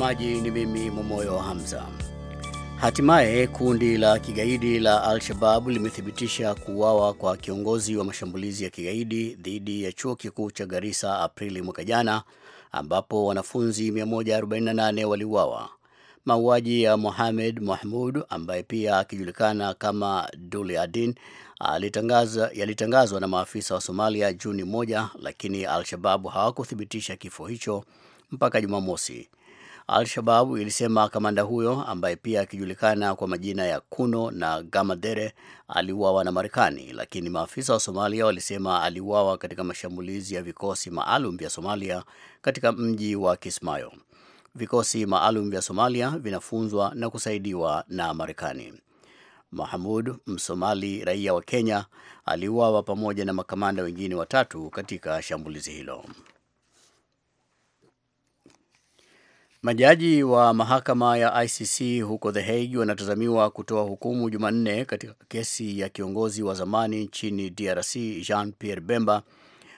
Msomaji ni mimi Momoyo Hamza. Hatimaye kundi la kigaidi la Al-Shabab limethibitisha kuuawa kwa kiongozi wa mashambulizi ya kigaidi dhidi ya chuo kikuu cha Garissa Aprili mwaka jana, ambapo wanafunzi 148 waliuawa. Mauaji ya Mohamed Mahmud ambaye pia akijulikana kama Duli Adin yalitangazwa na maafisa wa Somalia Juni moja, lakini Al-Shababu hawakuthibitisha kifo hicho mpaka Jumamosi. Al-Shababu ilisema kamanda huyo ambaye pia akijulikana kwa majina ya Kuno na Gamadere aliuawa na Marekani, lakini maafisa wa Somalia walisema aliuawa katika mashambulizi ya vikosi maalum vya Somalia katika mji wa Kismayo. Vikosi maalum vya Somalia vinafunzwa na kusaidiwa na Marekani. Mahamud Msomali, raia wa Kenya, aliuawa pamoja na makamanda wengine watatu katika shambulizi hilo. Majaji wa mahakama ya ICC huko The Hague wanatazamiwa kutoa hukumu Jumanne katika kesi ya kiongozi wa zamani nchini DRC Jean Pierre Bemba,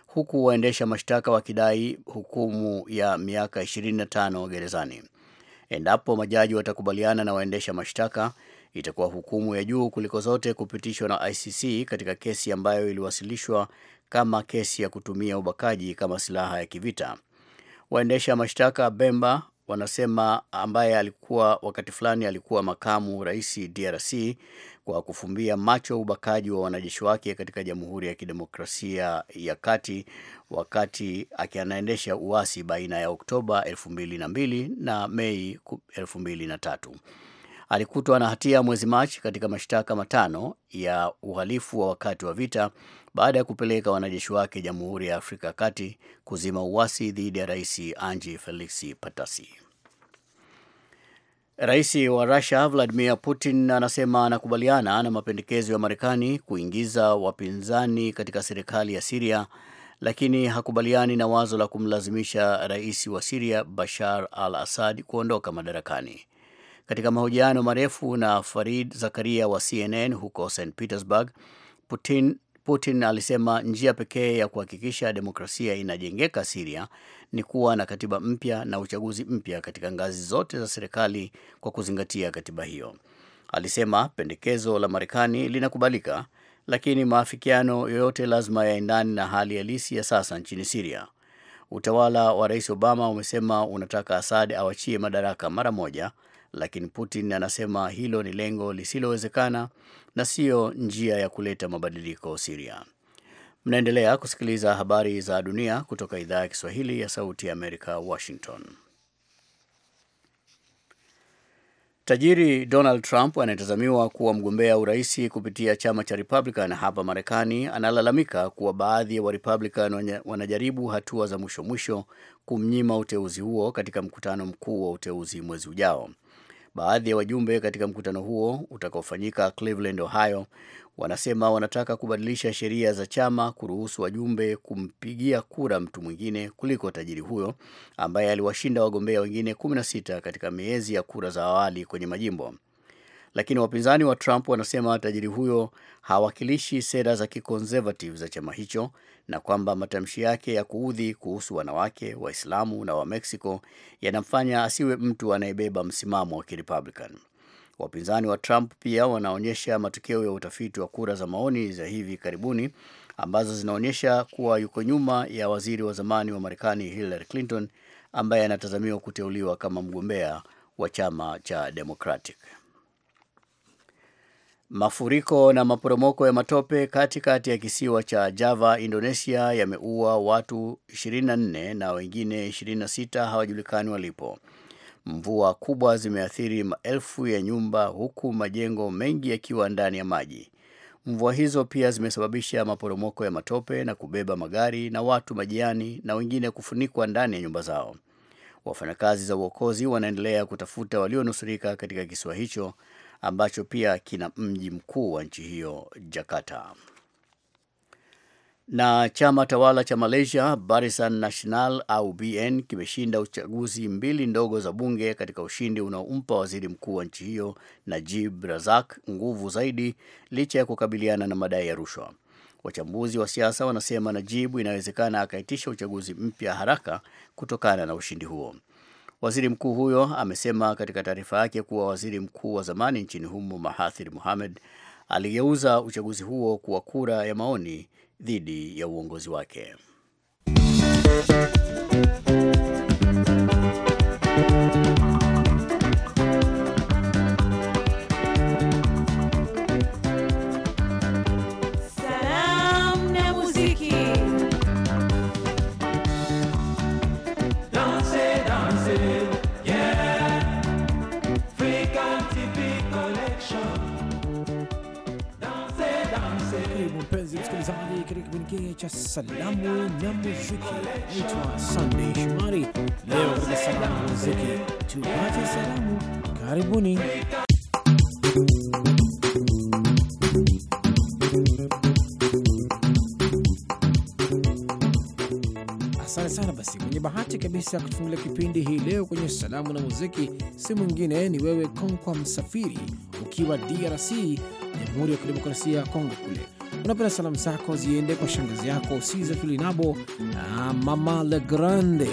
huku waendesha mashtaka wakidai hukumu ya miaka 25 gerezani. Endapo majaji watakubaliana na waendesha mashtaka, itakuwa hukumu ya juu kuliko zote kupitishwa na ICC katika kesi ambayo iliwasilishwa kama kesi ya kutumia ubakaji kama silaha ya kivita. Waendesha mashtaka Bemba wanasema ambaye alikuwa wakati fulani alikuwa makamu rais DRC kwa kufumbia macho ubakaji wa wanajeshi wake katika Jamhuri ya Kidemokrasia ya Kati wakati akianaendesha uasi baina ya Oktoba 2002 na Mei 2003 alikutwa na hatia mwezi Machi katika mashtaka matano ya uhalifu wa wakati wa vita baada ya kupeleka wanajeshi wake Jamhuri ya Afrika ya Kati kuzima uasi dhidi ya Rais Anji Feliksi Patasi. Rais wa Rusia Vladimir Putin anasema anakubaliana na mapendekezo ya Marekani kuingiza wapinzani katika serikali ya Siria, lakini hakubaliani na wazo la kumlazimisha rais wa Siria Bashar al Assad kuondoka madarakani. Katika mahojiano marefu na Farid Zakaria wa CNN huko St Petersburg, Putin, Putin alisema njia pekee ya kuhakikisha demokrasia inajengeka Siria ni kuwa na katiba mpya na uchaguzi mpya katika ngazi zote za serikali kwa kuzingatia katiba hiyo. Alisema pendekezo la Marekani linakubalika, lakini maafikiano yoyote lazima yaendane na hali halisi ya sasa nchini Siria. Utawala wa Rais Obama umesema unataka asad awachie madaraka mara moja lakini Putin anasema hilo ni lengo lisilowezekana na siyo njia ya kuleta mabadiliko Siria. Mnaendelea kusikiliza habari za dunia kutoka idhaa ya Kiswahili ya Sauti ya Amerika, Washington. Tajiri Donald Trump anayetazamiwa kuwa mgombea uraisi kupitia chama cha Republican hapa Marekani analalamika kuwa baadhi ya wa Republican wanajaribu hatua za mwisho mwisho kumnyima uteuzi huo katika mkutano mkuu wa uteuzi mwezi ujao. Baadhi ya wajumbe katika mkutano huo utakaofanyika Cleveland, Ohio, wanasema wanataka kubadilisha sheria za chama kuruhusu wajumbe kumpigia kura mtu mwingine kuliko tajiri huyo ambaye aliwashinda wagombea wengine 16 katika miezi ya kura za awali kwenye majimbo lakini wapinzani wa Trump wanasema tajiri huyo hawakilishi sera za kiconservative za chama hicho na kwamba matamshi yake ya kuudhi kuhusu wanawake, Waislamu na Wamexico yanamfanya asiwe mtu anayebeba msimamo wa Kirepublican. Wapinzani wa Trump pia wanaonyesha matokeo ya utafiti wa kura za maoni za hivi karibuni ambazo zinaonyesha kuwa yuko nyuma ya waziri wa zamani wa Marekani Hillary Clinton ambaye anatazamiwa kuteuliwa kama mgombea wa chama cha Democratic. Mafuriko na maporomoko ya matope katikati ya kisiwa cha Java, Indonesia yameua watu 24 na wengine 26 hawajulikani walipo. Mvua kubwa zimeathiri maelfu ya nyumba huku majengo mengi yakiwa ndani ya maji. Mvua hizo pia zimesababisha maporomoko ya matope na kubeba magari na watu majiani na wengine kufunikwa ndani ya nyumba zao. Wafanyakazi za uokozi wanaendelea kutafuta walionusurika katika kisiwa hicho ambacho pia kina mji mkuu wa nchi hiyo Jakarta. Na chama tawala cha Malaysia Barisan Nasional au BN kimeshinda uchaguzi mbili ndogo za bunge katika ushindi unaompa waziri mkuu wa nchi hiyo Najib Razak nguvu zaidi licha ya kukabiliana na madai ya rushwa. Wachambuzi wa siasa wanasema Najibu inawezekana akaitisha uchaguzi mpya haraka kutokana na ushindi huo. Waziri mkuu huyo amesema katika taarifa yake kuwa waziri mkuu wa zamani nchini humo Mahathir muhamed aligeuza uchaguzi huo kuwa kura ya maoni dhidi ya uongozi wake. kipekee cha salamu na muziki. Naitwa Sunday Shumari. leo katika salamu na muziki tupate salamu. Karibuni. Asante sana. Basi kwenye bahati kabisa ya kutufungulia kipindi hii leo kwenye salamu na muziki si mwingine ni wewe Konkwa Msafiri, ukiwa DRC, Jamhuri ya Kidemokrasia ya Kongo kule Unapenda salamu zako ziende kwa shangazi yako Siza Tulinabo na mama Le Grande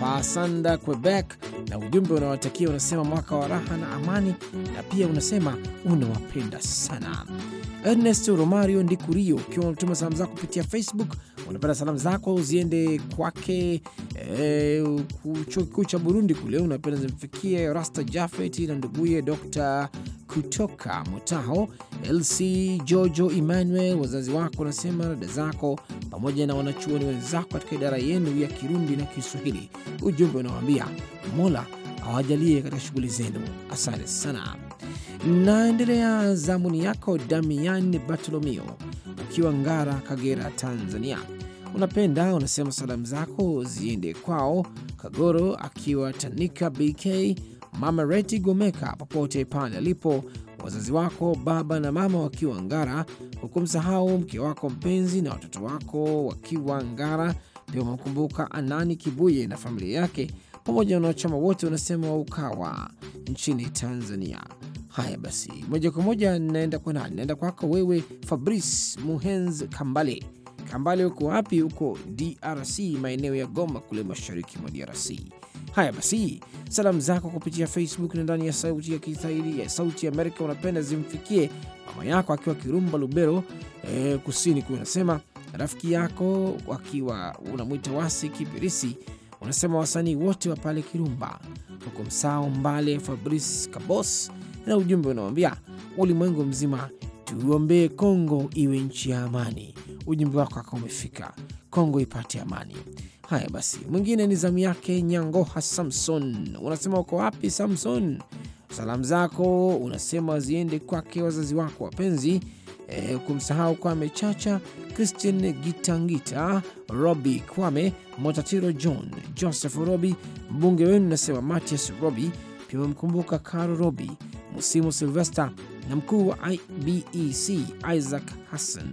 Pasanda Quebec, na ujumbe unawatakia unasema mwaka wa raha na amani, na pia unasema unawapenda sana. Ernesto Romario Ndikurio, ukiwa unatuma salamu zako kupitia Facebook, unapenda salamu zako ziende kwake eh, chuo kikuu cha Burundi kule, unapenda zimfikie Rasta Jafet na nduguye Dr kutoka Motaho, LC Jojo Emmanuel, wazazi wako unasema dada zako pamoja na wanachuoni wenzako katika idara yenu ya Kirundi na Kiswahili. Ujumbe unawaambia Mola awajalie katika shughuli zenu. Asante sana. Naendelea zamuni yako Damian Bartolomeo ukiwa Ngara, Kagera, Tanzania. Unapenda unasema salamu zako ziende kwao Kagoro akiwa Tanika, BK mama Reti Gomeka popote pale alipo, wazazi wako baba na mama wakiwa Ngara, hukumsahau mke wako mpenzi na watoto wako wakiwa Ngara. Pia wamekumbuka Anani Kibuye na familia yake pamoja na wanachama wote wanasema wa Ukawa nchini Tanzania. Haya basi, moja kwa moja naenda kwa nani? Naenda kwako wewe Fabrice Muhenz Kambale. Kambale, uko wapi? Huko DRC, maeneo ya Goma kule mashariki mwa DRC. Haya basi, salamu zako kupitia Facebook na ndani ya sauti ya Kiswahili ya Sauti ya Amerika unapenda zimfikie mama yako akiwa Kirumba Lubero e, kusini kule, unasema rafiki yako wakiwa unamwita Wasi Kipirisi, unasema wasanii wote wa pale Kirumba huko Msao Mbale, Fabrice Kabos na ujumbe unaoambia ulimwengu mzima tuombee Kongo iwe nchi ya amani. Ujumbe wako aka umefika, Kongo ipate amani. Haya basi, mwingine ni zamu yake Nyangoha Samson. Unasema uko wapi Samson? Salamu zako unasema ziende kwake wazazi wako wapenzi E, eh, kumsahau Kwame Chacha, Christian Gitangita, Robi Kwame, Motatiro John, Joseph Robi, mbunge wenu nasema Matias Robi, pia memkumbuka Karo Robi Musimu Silvester na mkuu wa IBEC Isaac Hassan.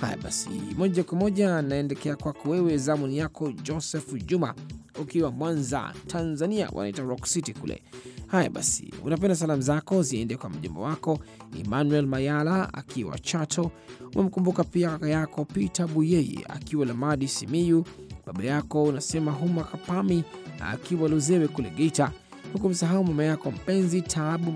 Haya basi, moja kwa moja naendekea kwako wewe, zamuni yako Joseph Juma ukiwa Mwanza, Tanzania, wanaita Rock City kule. Haya basi, unapenda salamu zako ziende kwa mjomba wako Emmanuel Mayala akiwa Chato. Umemkumbuka pia kaka yako Peter Buyeye akiwa Lamadi Simiyu, baba yako unasema Huma Kapami akiwa Luzewe kule Geita hukumsahau mama yako mpenzi Taabu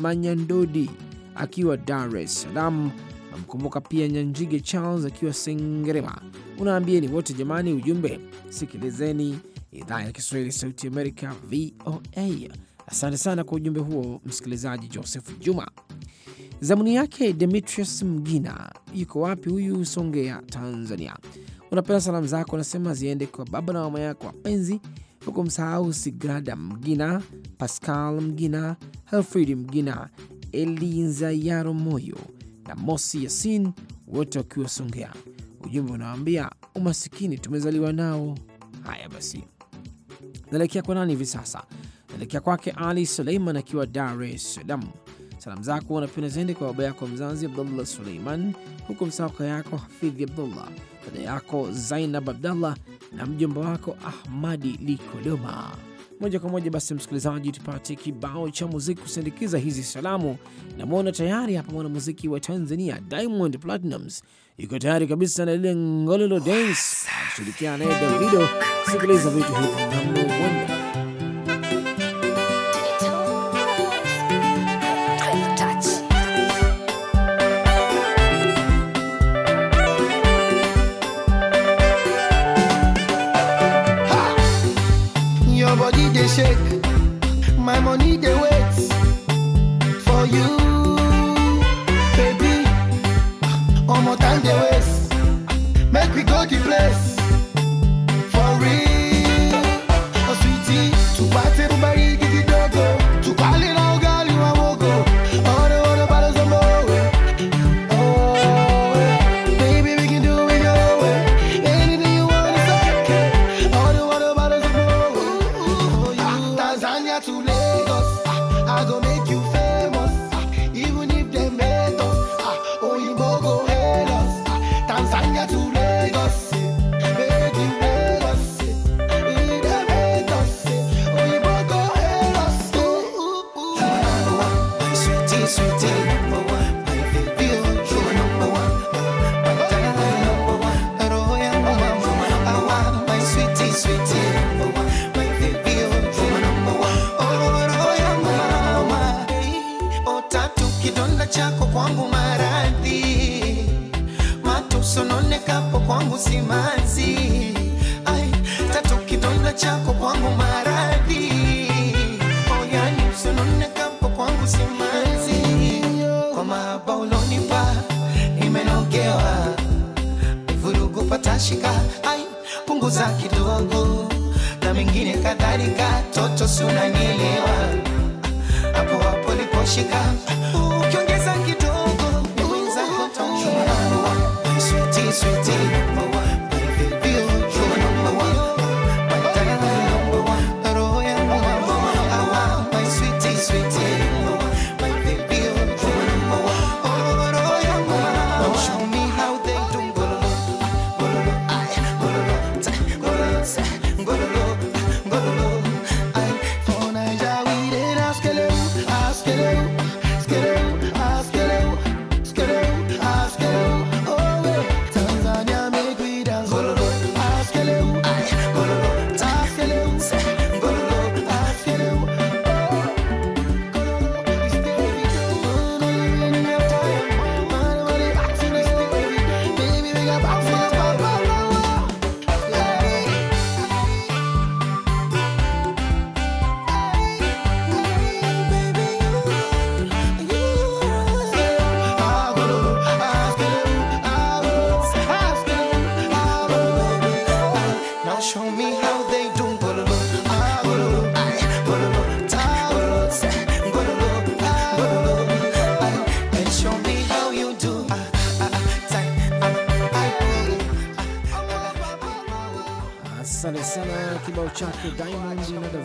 Manyandodi akiwa Dar es Salaam. Namkumbuka pia Nyanjige Charles akiwa Sengerema. Unaambieni wote jamani, ujumbe sikilizeni idhaa ya Kiswahili Sauti Amerika, VOA. Asante sana kwa ujumbe huo msikilizaji Joseph Juma. Zamuni yake Demetrius Mgina, yuko wapi huyu? Songea, Tanzania. Unapenda salamu zako, anasema ziende kwa baba na mama yako wapenzi huku msahau Sigrada Mgina, Pascal Mgina, Helfridi Mgina, Elinza Yaro Moyo na Mosi Yasin, wote wakiwa Songea. Ujumbe unawaambia umasikini tumezaliwa nao. Haya basi, naelekea kwa nani hivi sasa? Naelekea kwake Ali Suleiman akiwa Dar es Salaam. Salamu zako unapenda zaidi kwa baba yako mzazi Abdullah Suleiman, huku msahau kaka yako Hafidhi Abdullah, dada yako Zainab Abdallah na mjomba wako Ahmadi Likodoma. Moja kwa moja basi, msikilizaji, tupate kibao cha muziki kusindikiza hizi salamu. Namwona tayari hapa mwanamuziki wa Tanzania Diamond Platnumz iko tayari kabisa na lile Ngololo Dance akishirikiana naye Davido. Sikiliza vitu hivi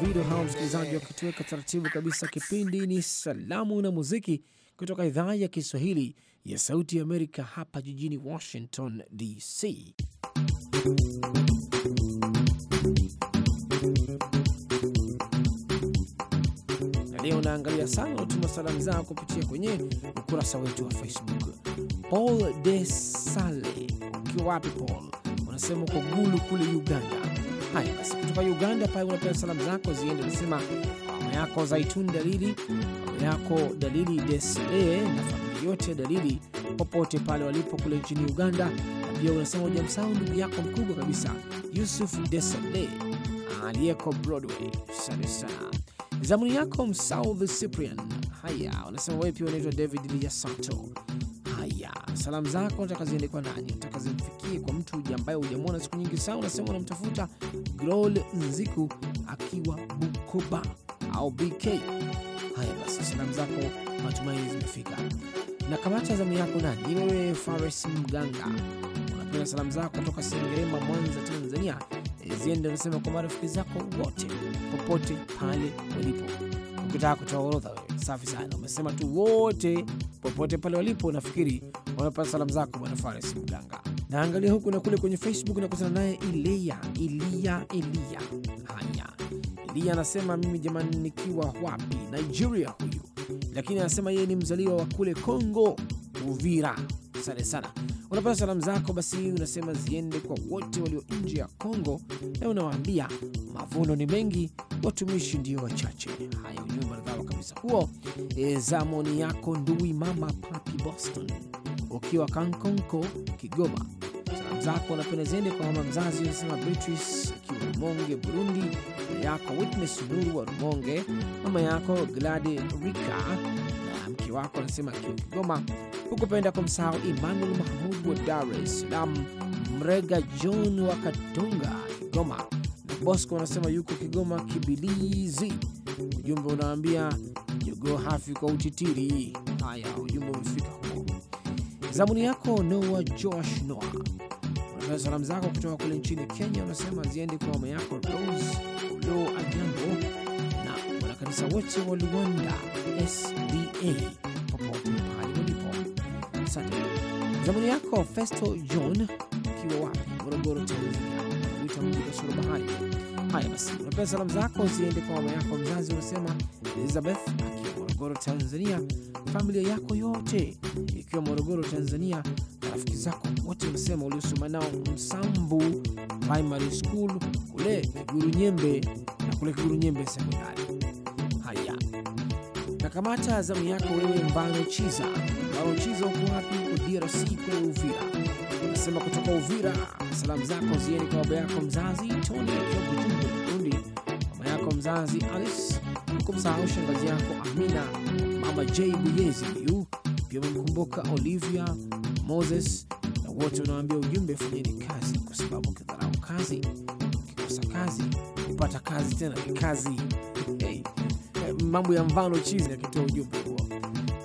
video hao, msikilizaji, wakituweka taratibu kabisa. Kipindi ni salamu na muziki kutoka idhaa ya Kiswahili ya Sauti ya Amerika hapa jijini Washington DC. Na leo naangalia sana utuma salamu zao kupitia kwenye ukurasa wetu wa Facebook. Paul de Sale, ukiwa wapi Paul? Unasema uko Gulu kule Uganda Haya basi, kutoka Uganda pale unapea salamu zako ziende, nasema mama yako Zaitun Dalili, mama yako Dalili Desire na familia yote Dalili popote pale walipo kule nchini Uganda. pia unasema hujamsahau ndugu yako mkubwa kabisa Yusuf Desale aliyeko Broadway. Asante sana. Zamuni yako Msauvi Cyprian. Haya, unasema wewe pia unaitwa David liasanto salamu zako unataka ziende kwa nani, unataka zimfikie kwa mtu ambaye hujamwona siku nyingi sana, unasema unamtafuta Grol Nziku akiwa Bukoba au BK. Haya basi, salamu zako matumaini zimefika na kamata zamu yako. Nani wewe? Fares Mganga, unapenda salamu zako toka Sengerema, Mwanza, Tanzania ziende unasema kwa marafiki zako wote popote pale walipo. Ukitaka kutoa orodha, wewe safi sana, umesema tu wote popote pale walipo. Nafikiri wamepata salamu zako Bwana Fares Mganga. Naangalia huku na kule kwenye Facebook na naye Ilia Ilia Ilia Haya, Ilia anasema mimi jamani, nikiwa wapi Nigeria huyu, lakini anasema yeye ni mzaliwa wa kule congo Uvira. Asante sana, unapata salamu zako basi, unasema ziende kwa wote walio nje ya Kongo na unawaambia mavuno ni mengi, watumishi ndio wachache. Haya, ujumbe maridhawa kabisa huo. E, zamoni yako ndui mama Papi Boston ukiwa Kankonko, Kigoma. Salamu zako wanapenda zende kwa mama mzazi anasema Beatrice akiwa Rumonge, Burundi, mama yako Witness Nuru wa Rumonge, mama yako Gladi Rika na mke wako anasema akiwa Kigoma. Hukupenda kumsahau Emmanuel Mahmud wa Dar es Salaam, Mrega John wa Katonga, Kigoma na Bosco anasema yuko Kigoma Kibilizi. Ujumbe unaambia jogoo hafi kwa utitiri. Haya, ujumbe umefika. Zamuni yako Noa Josh Noa, unapewa salamu zako kutoka kule nchini Kenya, unasema ziende kwa mama yako Rose Lo Agambo na wanakanisa wote wa Luanda SDA popote pale walipo. Asante. Zamuni yako Festo John, ukiwa wapi? Morogoro, Tanzania, unakuita mji kasoro bahari. Haya basi, unapewa salamu zako ziende kwa mama yako mzazi, unasema Elizabeth Morogoro, Tanzania, familia yako yote ikiwa Morogoro, Tanzania, rafiki zako wote, msema uliosoma nao Msambu Primary School kule Kiguru Nyembe na kule Kiguru Nyembe Sekondari. Haya, na kamata zamu yako wewe, Mbano Chiza. Mbano Chiza, uko wapi? DRC kule Uvira. Nasema kutoka Uvira, salamu zako zieni kwa baba yako mzazi Tony akiwa Burundi, mama yako mzazi Alice kumsahau shangazi yako Amina, mama J Buyezi huyu pia amemkumbuka Olivia Moses na wote wanawaambia ujumbe, fanyeni kazi, kwa sababu ukidharau kazi, ukikosa kazi, kupata kazi tena ni kazi. Hey, mambo ya mvano chizi akitoa ujumbe huo.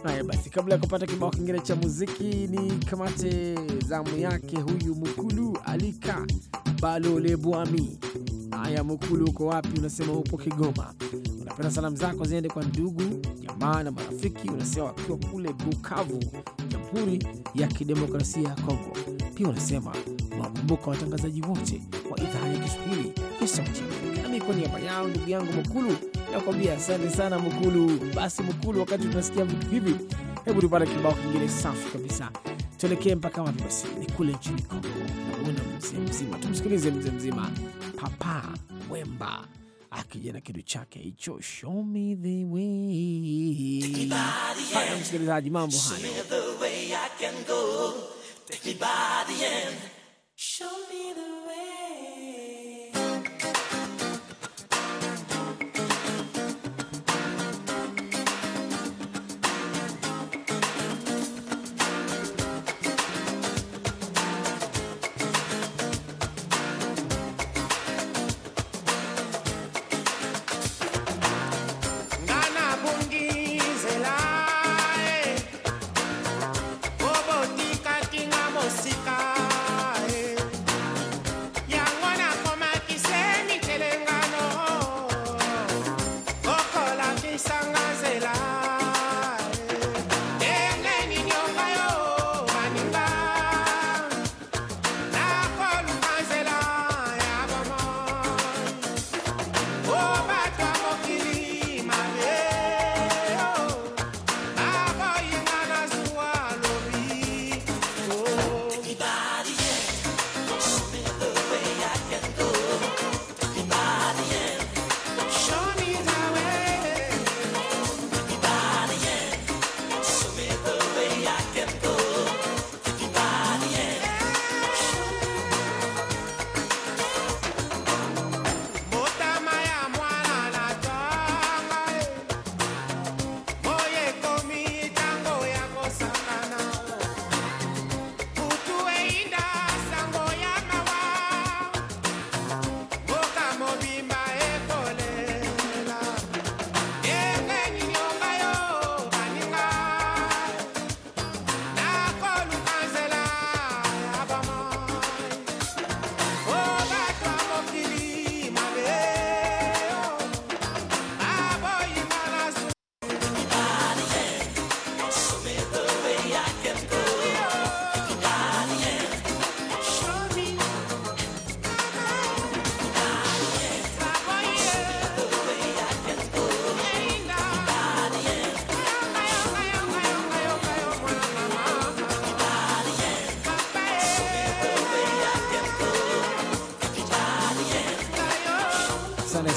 Haya basi, kabla ya kupata kibao kingine cha muziki, ni kamate zamu yake huyu Mukulu Alika Balole Bwami Haya, Mukulu, uko wapi? Unasema upo Kigoma. Unapenda salamu zako ziende kwa ndugu jamaa na marafiki, unasema wakiwa kule Bukavu, Jamhuri ya Kidemokrasia ya Kongo. Pia unasema wakumbuka watangazaji wote wa idhaa ya Kiswahili ya Sauti Amerika. Nami kwa niaba yao ndugu yangu Mukulu nakwambia asante sana Mukulu. Basi Mukulu, wakati tunasikia vitu hivi, hebu tupate kibao kingine safi kabisa tuelekee mpaka wapi? Basi ni kule nchini Kongo, mzee mzima. Tumsikilize mzee mzima Papa Wemba akija na kitu chake hicho, show me the way. Haya msikilizaji, mambo hayo.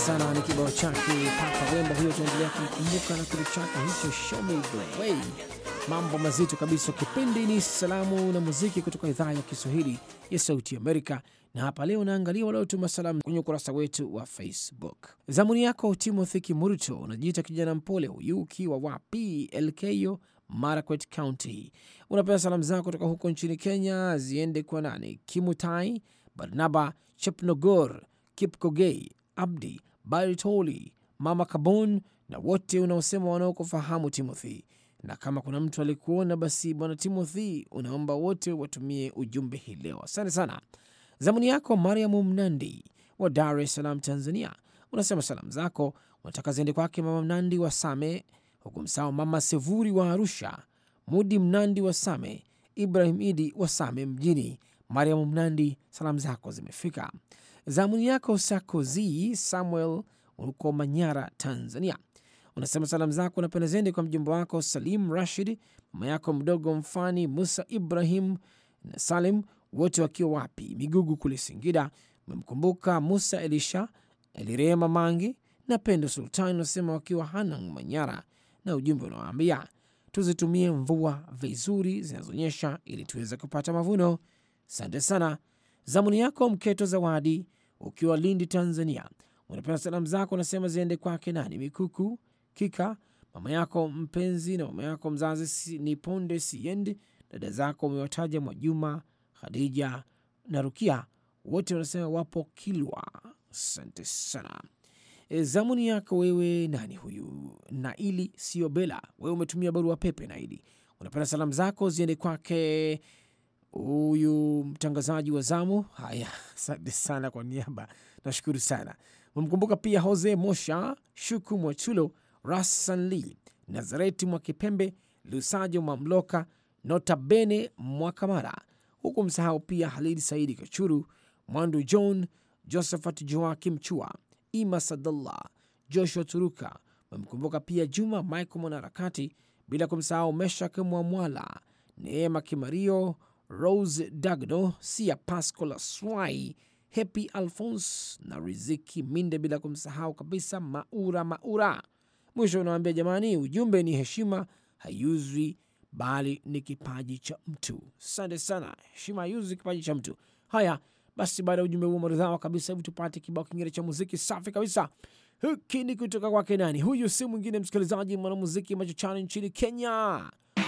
sana, ni kibao chake Papa Wemba huyo, tunaendelea kumkumbuka na kile chake hicho show me the way, mambo mazito kabisa. Kipindi ni salamu na muziki kutoka idhaa ya Kiswahili ya Sauti Amerika, na hapa leo naangalia waliotuma salamu kwenye ukurasa wetu wa Facebook. Zamuni yako Timothy Kimurto, unajiita kijana mpole, huyu ukiwa wapi? Elkeyo, Marakwet County. Unapenda salamu zako kutoka huko nchini Kenya ziende kwa nani? Kimutai Barnaba Chepnogor Kipkogei Abdi Bartoli, Mama Kabon na wote unaosema wanaokufahamu Timothy. Na kama kuna mtu alikuona, basi Bwana Timothy, unaomba wote watumie ujumbe hii leo. Asante sana. Zamuni yako Mariamu Mnandi wa Dar es Salaam, Tanzania, unasema salamu zako unataka ziende kwake Mama Mnandi wa Same, huku msao Mama Sevuri wa Arusha, Mudi Mnandi wa Same, Ibrahim Idi wa Same mjini. Mariamu Mnandi, salamu zako zimefika. Zamuni yako Sakozi Samuel, ulikuwa Manyara, Tanzania. Unasema salamu zako unapenda zende kwa mjumbe wako Salim Rashid, mama yako mdogo Mfani Musa Ibrahim na Salim, wote wakiwa wapi Migugu kule Singida. Umemkumbuka Musa Elisha, Elirema Mangi na Pendo Sultani, unasema wakiwa Hanang, Manyara, na ujumbe unawaambia tuzitumie mvua vizuri zinazonyesha ili tuweze kupata mavuno. Asante sana. Zamuni yako Mketo Zawadi ukiwa Lindi, Tanzania, unapenda salamu zako unasema ziende kwake nani? Mikuku Kika, mama yako mpenzi na mama yako mzazi ni Ponde Siendi, dada zako umewataja Mwajuma, hadija na Rukia, wote wanasema wapo Kilwa. Asante sana. E, zamuni yako wewe nani huyu? Naili Siobela, wewe umetumia barua pepe Naili, unapenda salamu zako ziende kwake huyu mtangazaji wa zamu. Haya, asante sana kwa niaba, nashukuru sana. Memkumbuka pia Jose Mosha, Shuku Mwachulo, Rasan Lee, Nazareti Mwakipembe, Lusajo Mamloka, Notabene Mwakamara, huku msahau pia Halid Saidi Kachuru, Mwandu John, Josephat Joakim Chua, Ima Sadullah, Joshua Turuka. Memkumbuka pia Juma Michael mwanaharakati, bila kumsahau Meshak Mwamwala, Neema Kimario Rose Dagdo, Sia Pascola Swai, Happy Alphonse na Riziki Minde, bila kumsahau kabisa Maura Maura. Mwisho unawambia jamani, ujumbe ni heshima haiuzwi, bali ni kipaji cha mtu. Asante sana, heshima haiuzwi, kipaji cha mtu. Haya basi, baada ya ujumbe huo maridhawa kabisa, hebu tupate kibao kingine cha muziki safi kabisa. Hiki ni kutoka kwake nani? Huyu si mwingine msikilizaji, mwanamuziki machochani nchini Kenya,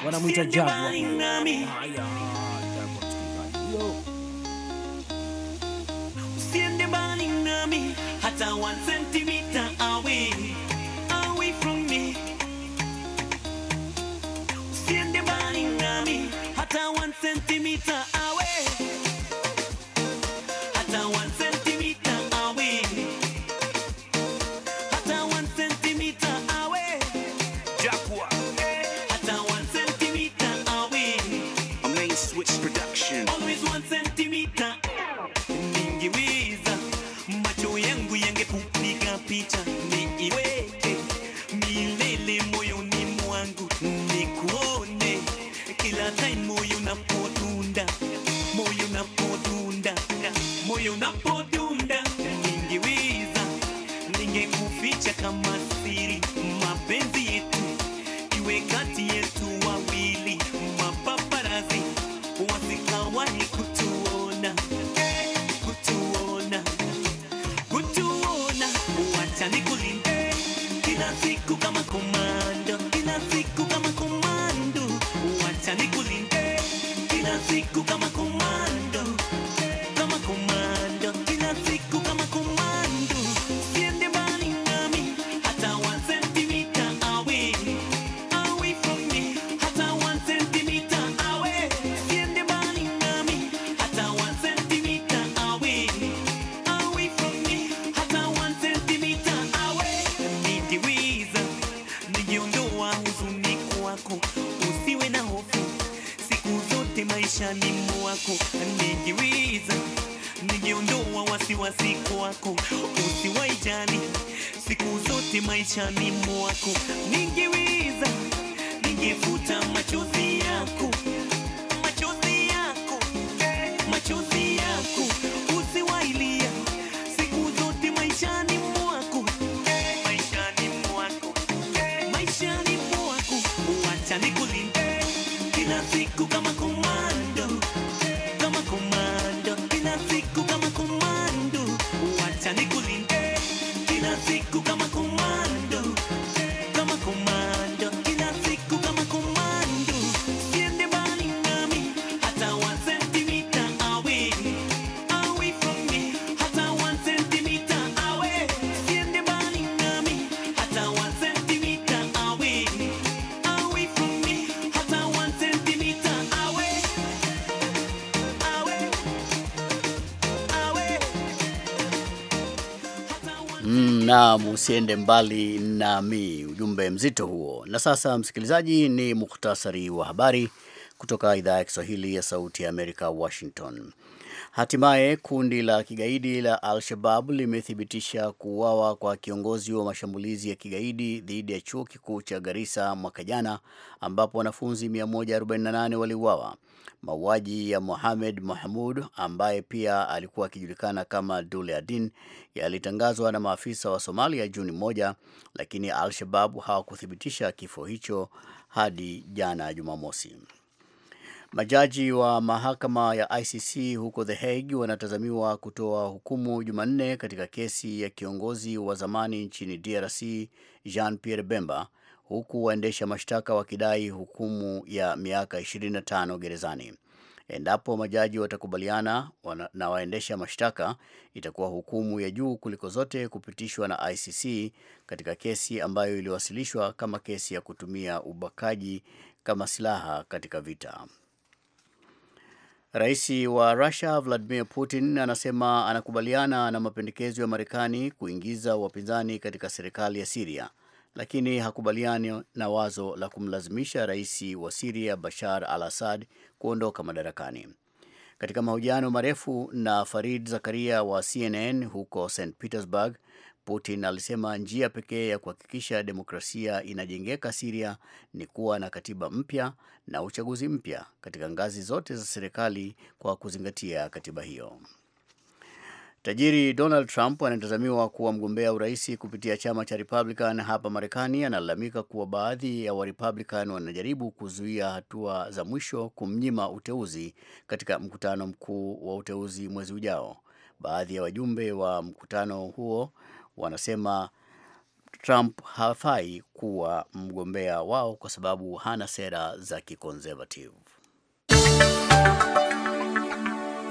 wanamwita Jabwa. go. Usiende mbali at a one centimeter away, away from me. Usiende mbali at a one centimeter wako, usiwe na hofu siku zote maisha ni mwako. Nigiriza, nigiondoa wasiwasi kwako, usiwaijali siku zote maisha ni mwako. Nigiriza, nigefuta machozi yako Kuka na usiende mbali nami, ujumbe mzito huo. Na sasa, msikilizaji, ni muhtasari wa habari kutoka idhaa ya Kiswahili ya Sauti ya Amerika, Washington. Hatimaye kundi la kigaidi la Al-Shabab limethibitisha kuuawa kwa kiongozi wa mashambulizi ya kigaidi dhidi ya chuo kikuu cha Garissa mwaka jana, ambapo wanafunzi 148 waliuawa. Mauaji ya Mohamed Mahmud ambaye pia alikuwa akijulikana kama Dule Adin yalitangazwa na maafisa wa Somalia Juni moja, lakini al shabab hawakuthibitisha kifo hicho hadi jana Jumamosi. Majaji wa mahakama ya ICC huko The Hague wanatazamiwa kutoa hukumu Jumanne katika kesi ya kiongozi wa zamani nchini DRC Jean Pierre Bemba huku waendesha mashtaka wakidai hukumu ya miaka 25 gerezani. Endapo majaji watakubaliana na waendesha mashtaka, itakuwa hukumu ya juu kuliko zote kupitishwa na ICC katika kesi ambayo iliwasilishwa kama kesi ya kutumia ubakaji kama silaha katika vita. Rais wa Russia Vladimir Putin anasema anakubaliana na mapendekezo ya Marekani kuingiza wapinzani katika serikali ya Siria lakini hakubaliani na wazo la kumlazimisha rais wa Siria Bashar al Assad kuondoka madarakani. Katika mahojiano marefu na Farid Zakaria wa CNN huko St Petersburg, Putin alisema njia pekee ya kuhakikisha demokrasia inajengeka Siria ni kuwa na katiba mpya na uchaguzi mpya katika ngazi zote za serikali kwa kuzingatia katiba hiyo. Tajiri Donald Trump anatazamiwa kuwa mgombea urais kupitia chama cha Republican hapa Marekani. Analalamika kuwa baadhi ya Warepublican wanajaribu kuzuia hatua za mwisho kumnyima uteuzi katika mkutano mkuu wa uteuzi mwezi ujao. Baadhi ya wajumbe wa mkutano huo wanasema Trump hafai kuwa mgombea wao kwa sababu hana sera za kiconservative.